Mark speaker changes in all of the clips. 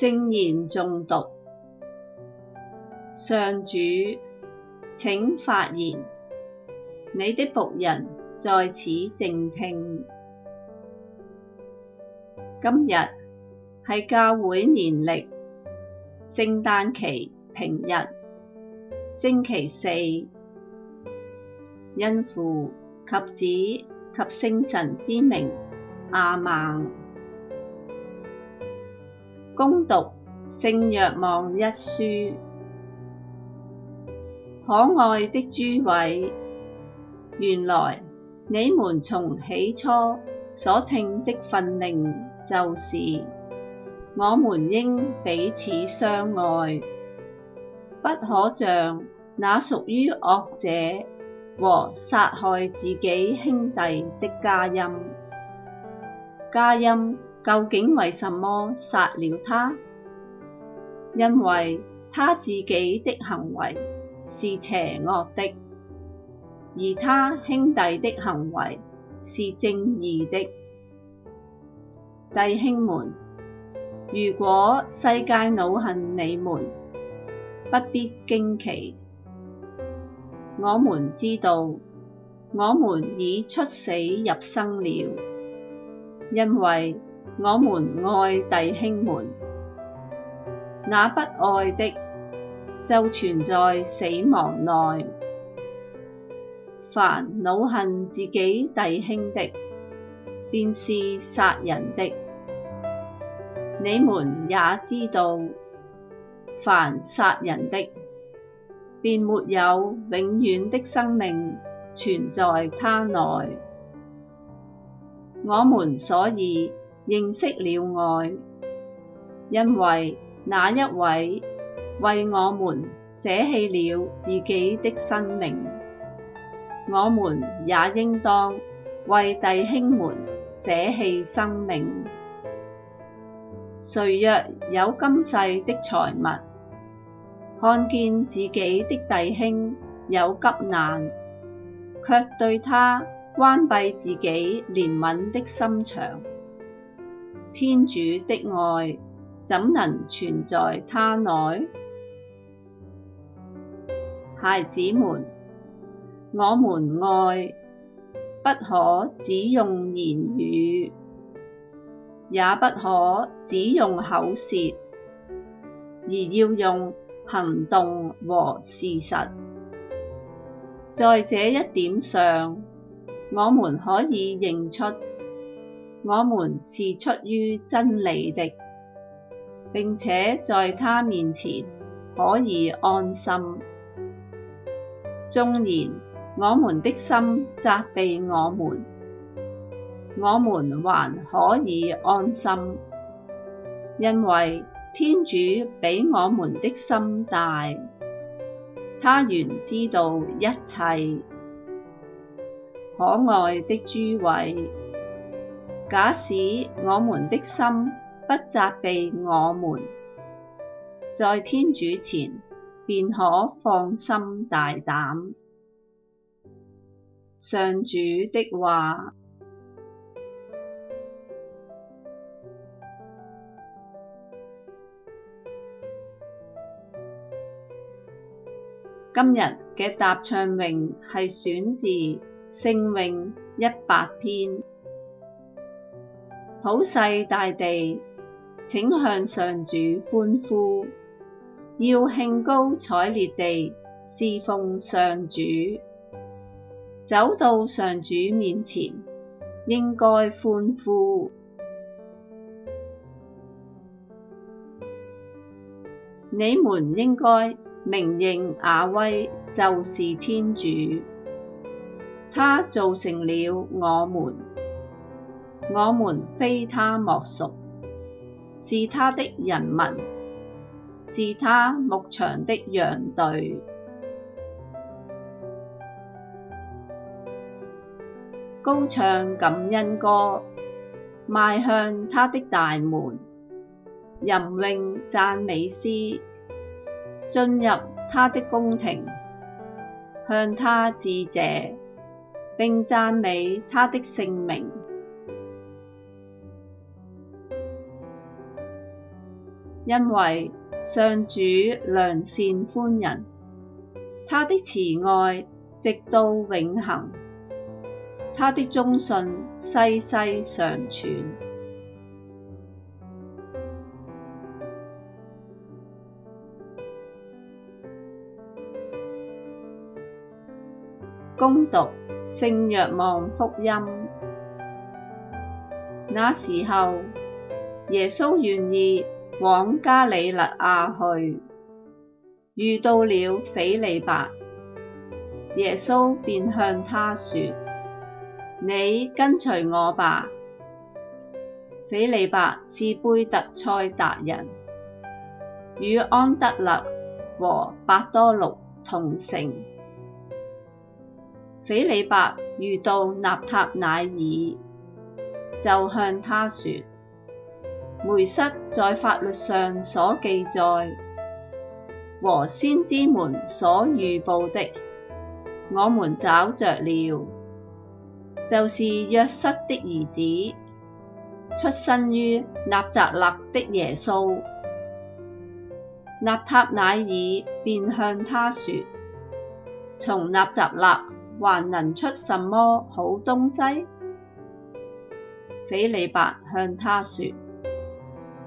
Speaker 1: 聖言誦讀，上主，請發言，你的僕人在此靜聽。今日係教會年曆聖誕期平日星期四，因父及子及聖神之名亞孟。恭讀聖若望一書，可愛的諸位，原來你們從起初所聽的訓令就是，我們應彼此相愛，不可像那屬於惡者和殺害自己兄弟的加音，加音。究竟為什麼殺了他？因為他自己的行為是邪惡的，而他兄弟的行為是正義的。弟兄們，如果世界惱恨你們，不必驚奇。我們知道，我們已出死入生了，因為。我們愛弟兄們，那不愛的就存在死亡內。凡惱恨自己弟兄的，便是殺人的。你們也知道，凡殺人的，便沒有永遠的生命存在他內。我們所以。認識了愛，因為那一位為我們捨棄了自己的生命，我們也應當為弟兄們捨棄生命。誰若有今世的財物，看見自己的弟兄有急難，卻對他關閉自己憐憫的心腸。天主的愛怎能存在他內？孩子們，我們愛，不可只用言語，也不可只用口舌，而要用行動和事實。在這一點上，我們可以認出。我們是出於真理的，並且在他面前可以安心。縱然我們的心責備我們，我們還可以安心，因為天主比我們的心大，他原知道一切。可愛的諸位。假使我們的心不責備我們，在天主前便可放心大膽。上主的話，今日嘅答唱詠係選自聖詠一百篇。普世大地，請向上主歡呼，要興高采烈地事奉上主。走到上主面前，應該歡呼。你們應該明認雅威就是天主，他造成了我們。我們非他莫屬，是他的人民，是他牧場的羊隊。高唱感恩歌，邁向他的大門，吟詠讚美詩，進入他的宮庭，向他致謝，並讚美他的聖名。因為上主良善寬仁，他的慈愛直到永恆，他的忠信世世常存。恭讀聖若望福音，那時候，耶穌願意。往加里肋亞去，遇到了斐理伯，耶穌便向他説：你跟隨我吧。斐理伯是貝特賽達人，與安德肋和伯多祿同城。斐理伯遇到納塔乃耳，就向他説。梅瑟在法律上所記載，和先知們所預報的，我們找着了，就是若瑟的兒子，出身於納匝肋的耶穌。納塔乃耳便向他說：從納匝肋還能出什麼好東西？斐理伯向他說。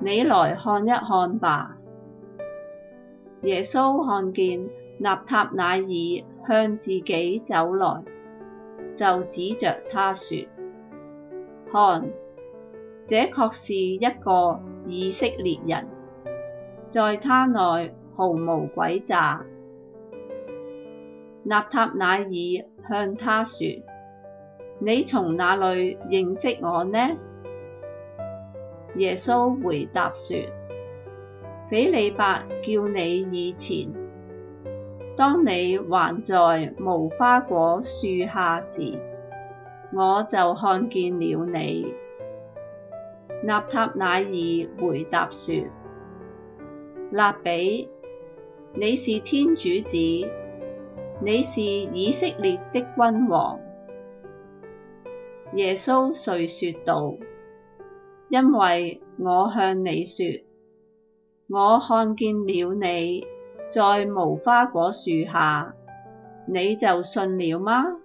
Speaker 1: 你來看一看吧。耶穌看見納塔乃耳向自己走來，就指着他說：看，這確是一個以色列人，在他內毫無詭詐。納塔乃耳向他說：你從哪裏認識我呢？耶穌回答說：斐理伯叫你以前，當你還在無花果樹下時，我就看見了你。納塔乃耳回答說：辣彼，你是天主子，你是以色列的君王。耶穌遂說道，因為我向你説，我看見了你在無花果樹下，你就信了嗎？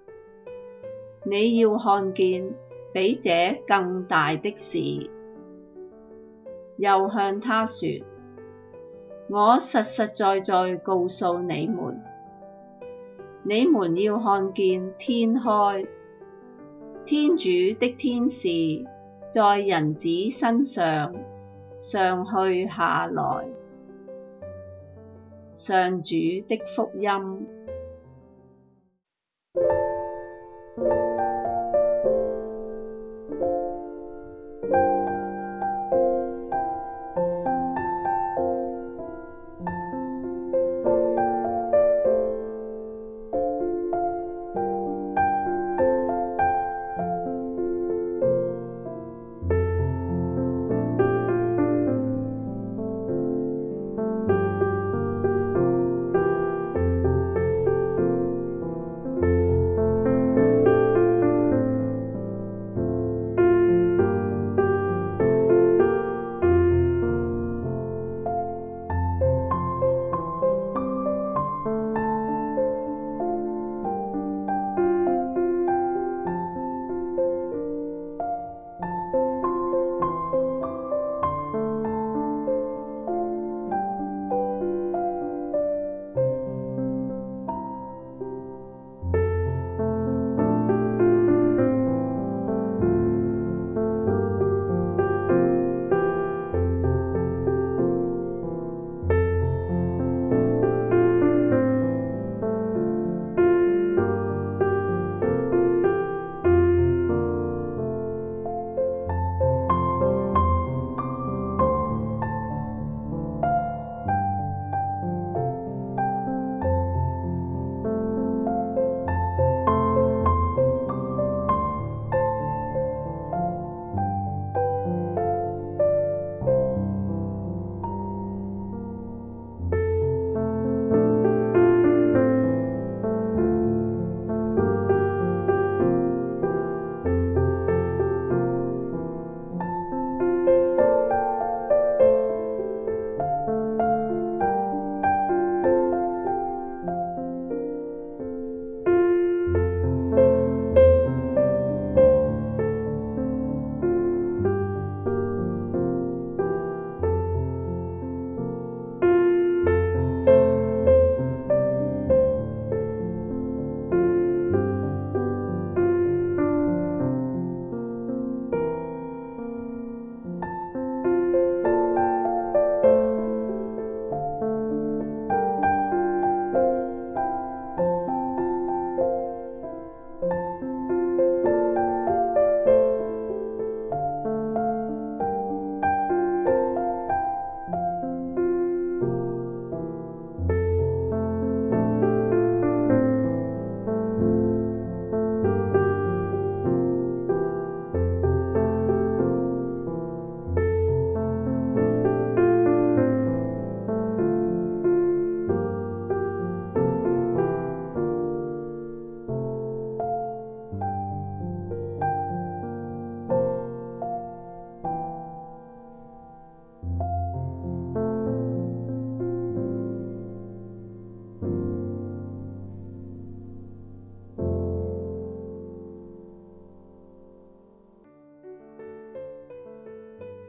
Speaker 1: 你要看見比這更大的事。又向他説：我實實在在告訴你們，你們要看見天開，天主的天使，在人子身上，上去下來。上主的福音。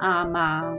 Speaker 1: 亞孟。